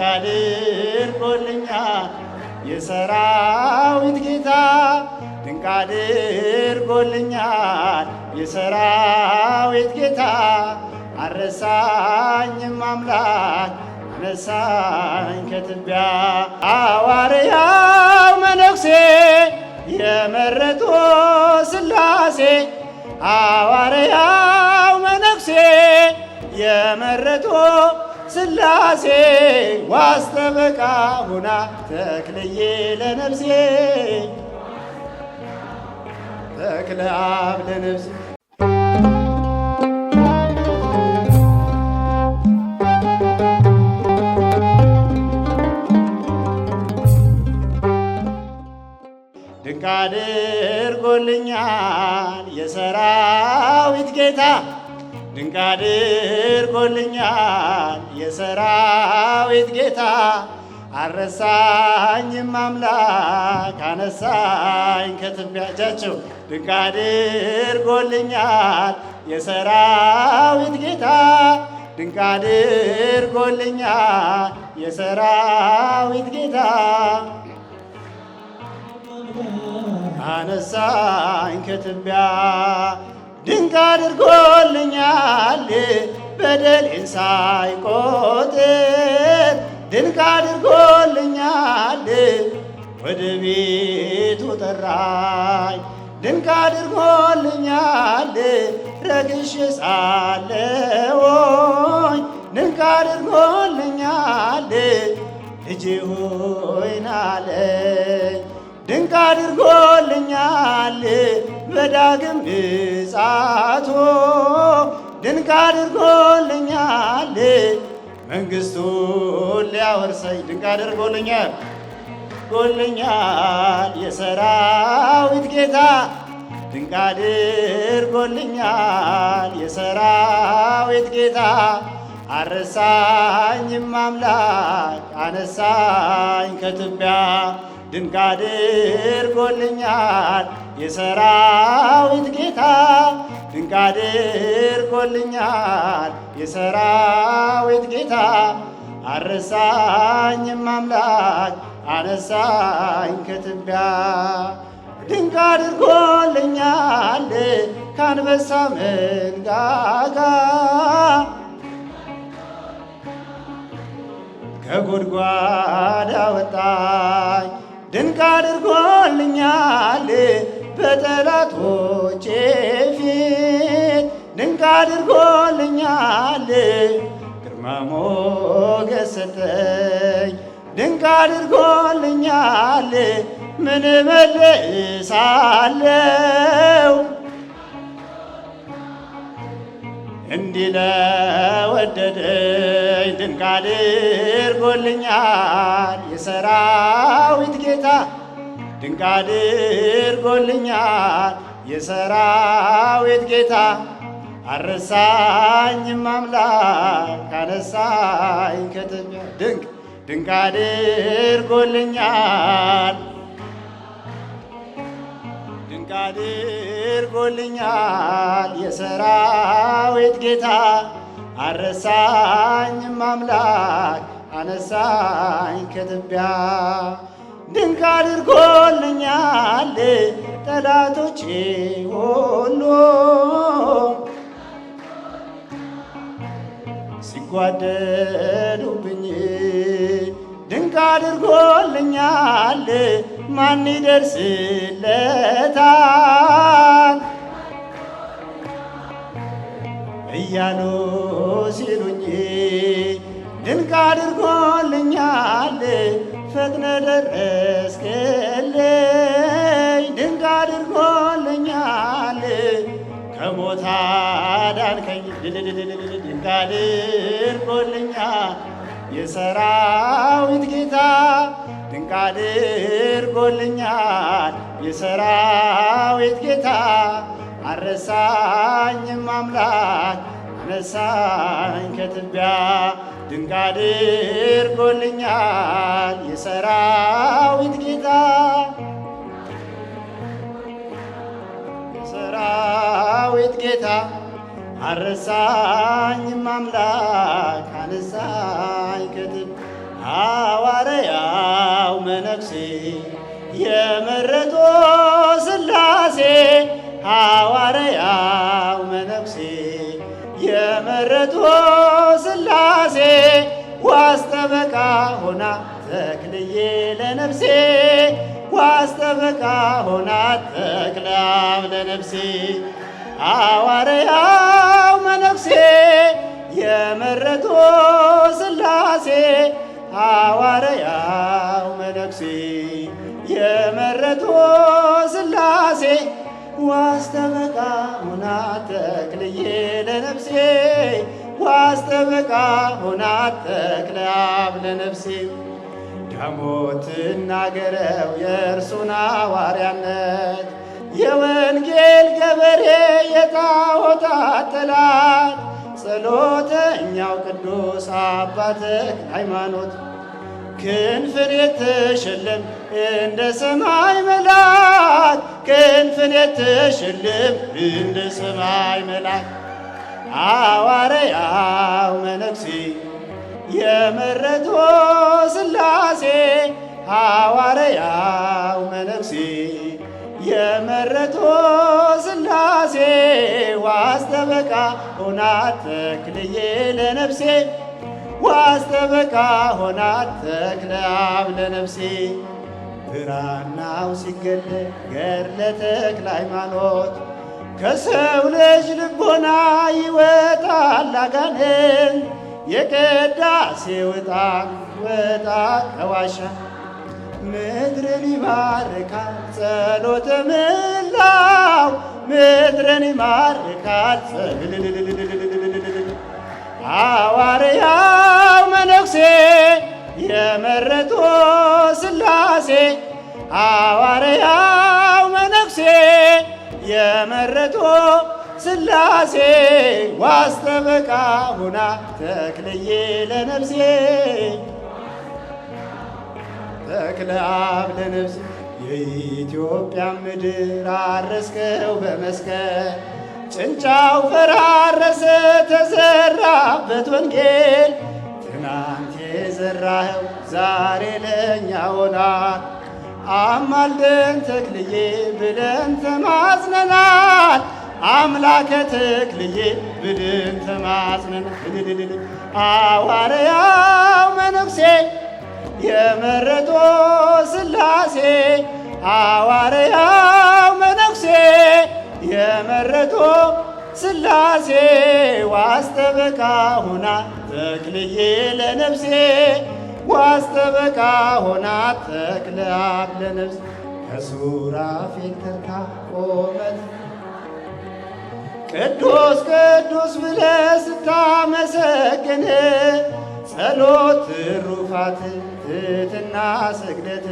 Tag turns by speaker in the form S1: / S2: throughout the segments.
S1: ድንቃድርጎልኛል የሰራዊት ጌታ ድንቃድርጎልኛል የሰራዊት ጌታ አረሳኝም አምላክ አነሳኝ ከትቢያ አዋርያው ለሥላሴ ዋስተበቃ ሁና ተክልዬ ለነፍሴ ተክለ አብ ለነፍሴ ድንቅ አድርጎልኛል የሰራዊት ጌታ ድንቅ አድርጎልኛል የሰራዊት ጌታ አረሳኝም አምላክ አነሳኝ ከትቢያቻቸው እጃቸው ድንቅ አድርጎልኛል የሰራዊት ጌታ ድንቅ አድርጎልኛል የሰራዊት ጌታ አነሳኝ ከትቢያ ድንቅ አድርጎልኛል በደሌን ሳይቆጥር ድንቅ አድርጎልኛል ወደ ቤቱ ጠራኝ ድንቅ አድርጎልኛል ረግሽ ሳለወኝ ድንቅ አድርጎልኛል ልጅ ሆይ ናለኝ ድንቅ አድርጎልኛል በዳግም ምጽአቱ ድንቅ አድርጎልኛል መንግሥቱን ሊያወርሰኝ ድንቅ አድርጎልኛል ጎልኛል የሰራዊት ጌታ ድንቅ አድርጎልኛል የሰራዊት ጌታ አረሳኝም አምላክ አነሳኝ ከትቢያ ድንቅ አድርጎልኛል የሰራዊት ጌታ ድንቅ አድርጎልኛል የሰራዊት ጌታ አረሳኝም አምላክ አነሳኝ ከትቢያ ድንቅ አድርጎልኛል ከአንበሳ መንጋጋ ከጎድጓዳ ወጣኝ ድንቅ አድርጎልኛል በጠላቶቼ ፊት ድንቅ አድርጎልኛል ግርማ ሞገስ ሰጠኝ ድንቅ አድርጎልኛል ምን መልሳለው እንዲህ ለወደደ አድርጎልኛል የሰራዊት ጌታ ድንቅ አድርጎልኛል የሰራዊት ጌታ አረሳኝም አምላክ አነሳኝ ከትቢያ ድንቅ ድንቅ አድርጎልኛል ድንቅ አድርጎልኛል የሰራዊት ጌታ አረሳኝ አምላክ አነሳኝ ከትቢያ ድንቅ አድርጎልኛል ጠላቶች ሁሉ ሲጓደዱብኝ ድንቅ አድርጎልኛል ማን ይደርስለታል? እያሉ ሲሉኝ ድንቅ አድርጎልኛል ፈጥነ ደረስክልኝ ድንቅ አድርጎልኛል ከሞት አዳንከኝ ድንቅ አድርጎልኛል የሰራዊት ጌታ ድንቅ አድርጎልኛል የሰራዊት ጌታ አረሳኝም አምላክ አነሳኝ ከትቢያ ድንቅ አድርጎልኛል የሰራዊት ጌታ የሰራዊት ጌታ አረሳኝም አምላክ አነሳኝ ዋስ ጠበቃ ሆናት ተክለ ለነፍሴ አዋርያው መነፍሴ የመረቶ ስላሴ አዋርያው መነፍሴ የመረቶ ስላሴ ዋስ ጠበቃ ሆናት ተክልዬ ለነፍሴ ዋስ ጠበቃ ሆናት ለነፍሴ ከሞት እናገረው የእርሱን ሐዋርያነት የወንጌል ገበሬ የጣዖታት ጠላት ጸሎተኛው ቅዱስ አባት ሃይማኖት ክንፍን የተሸለም እንደ ሰማይ መልአክ ክንፍን የተሸለም እንደ ሰማይ መልአክ ሐዋርያው መነኩሴ የመረቶ ስላሴ ሐዋርያው መነኩሴ የመረቶ ስላሴ ዋስተበቃ ሆና ተክልዬ ለነፍሴ ዋስተበቃ ሆና ተክለ ለነፍሴ ብራናው ሲገለ ገድለ ተክለ ሃይማኖት ከሰው ልጅ ልቦና ይወጣል አጋንንት የቅዳሴ ውጣ ወጣ ከዋሻ ምድርን ይማርካል ጸሎተ ምላው ምድርን ይማርካል ሐዋርያው መነኩሴ የመረጦ ስላሴ ሐዋርያው መነኩሴ የመረጦ ስላሴ ዋስተበቃ ሁና ተክልዬ ለነፍሴ ተክለ አብ ለነፍሴ የኢትዮጵያ ምድር አረስከው በመስቀል ጭንጫው ፈራረሰ ተዘራበት ወንጌል ትናንት የዘራኸው ዛሬ ለእኛ ሆናል። አማልደን ተክልዬ ብለን ተማጽነናል። አምላከ ተክልዬ ብድን ተማጽነን ልልልል አዋርያው መነኩሴ የመረጦ ስላሴ አዋርያው መነኩሴ የመረጦ ስላሴ ዋስተበቃ ሆና ተክልዬ ለነፍሴ ዋስተበቃ ሆና ተክልአብ ለነፍስ ከሱራፌል ተርታ ቆመት ቅዱስ ቅዱስ ብለ ስታመሰግን ጸሎት ትሩፋት ትትና ስግደት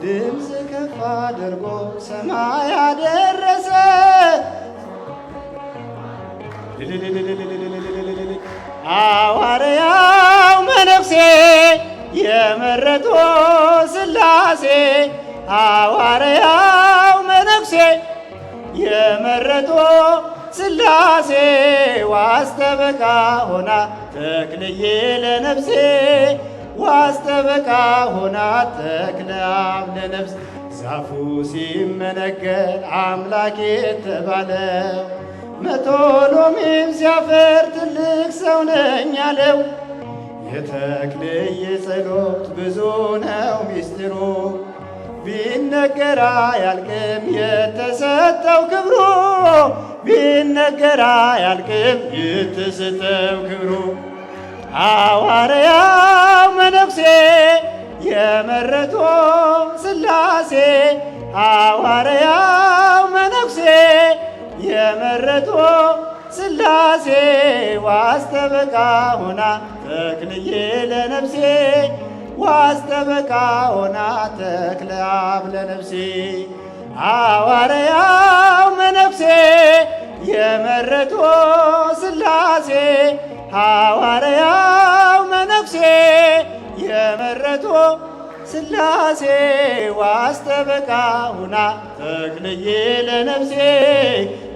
S1: ድምፅ ከፍ አድርጎ ሰማይ አደረሰ ሐዋርያው መነኩሴ የመረጦ ሥላሴ ሐዋርያ ተመረጦ ስላሴ ዋስተበቃ ሆና ተክልዬ ለነፍሴ ዋስተበቃ ሆና ተክለ አብ ለነፍስ ዛፉ ሲመነገር አምላኬ የተባለው መቶ ሎሚም ሲያፈር ትልቅ ሰው ነኝ አለው። የተክልዬ ጸሎት ብዙ ነው ሚስጢሩ ቢነገራ ያልቅም የተሰጠው ክብሩ ቢነገራ ያልቅም የተሰጠው ክብሩ ሐዋርያው መነኩሴ የመረቶ ስላሴ ሐዋርያው መነኩሴ የመረቶ ስላሴ ዋስተበቃ ሆና ተክልዬ ለነፍሴ ዋስ ጠበቃ ሆና ተክለ አብ ለነፍሴ ሐዋርያው መነኩሴ የመረጦ ሥላሴ ሐዋርያው መነኩሴ የመረጦ ሥላሴ ዋስ ጠበቃ ሁና ተክልዬ ለነፍሴ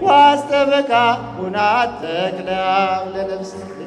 S1: ዋስ ሁና ተክለ አብ ለነፍሴ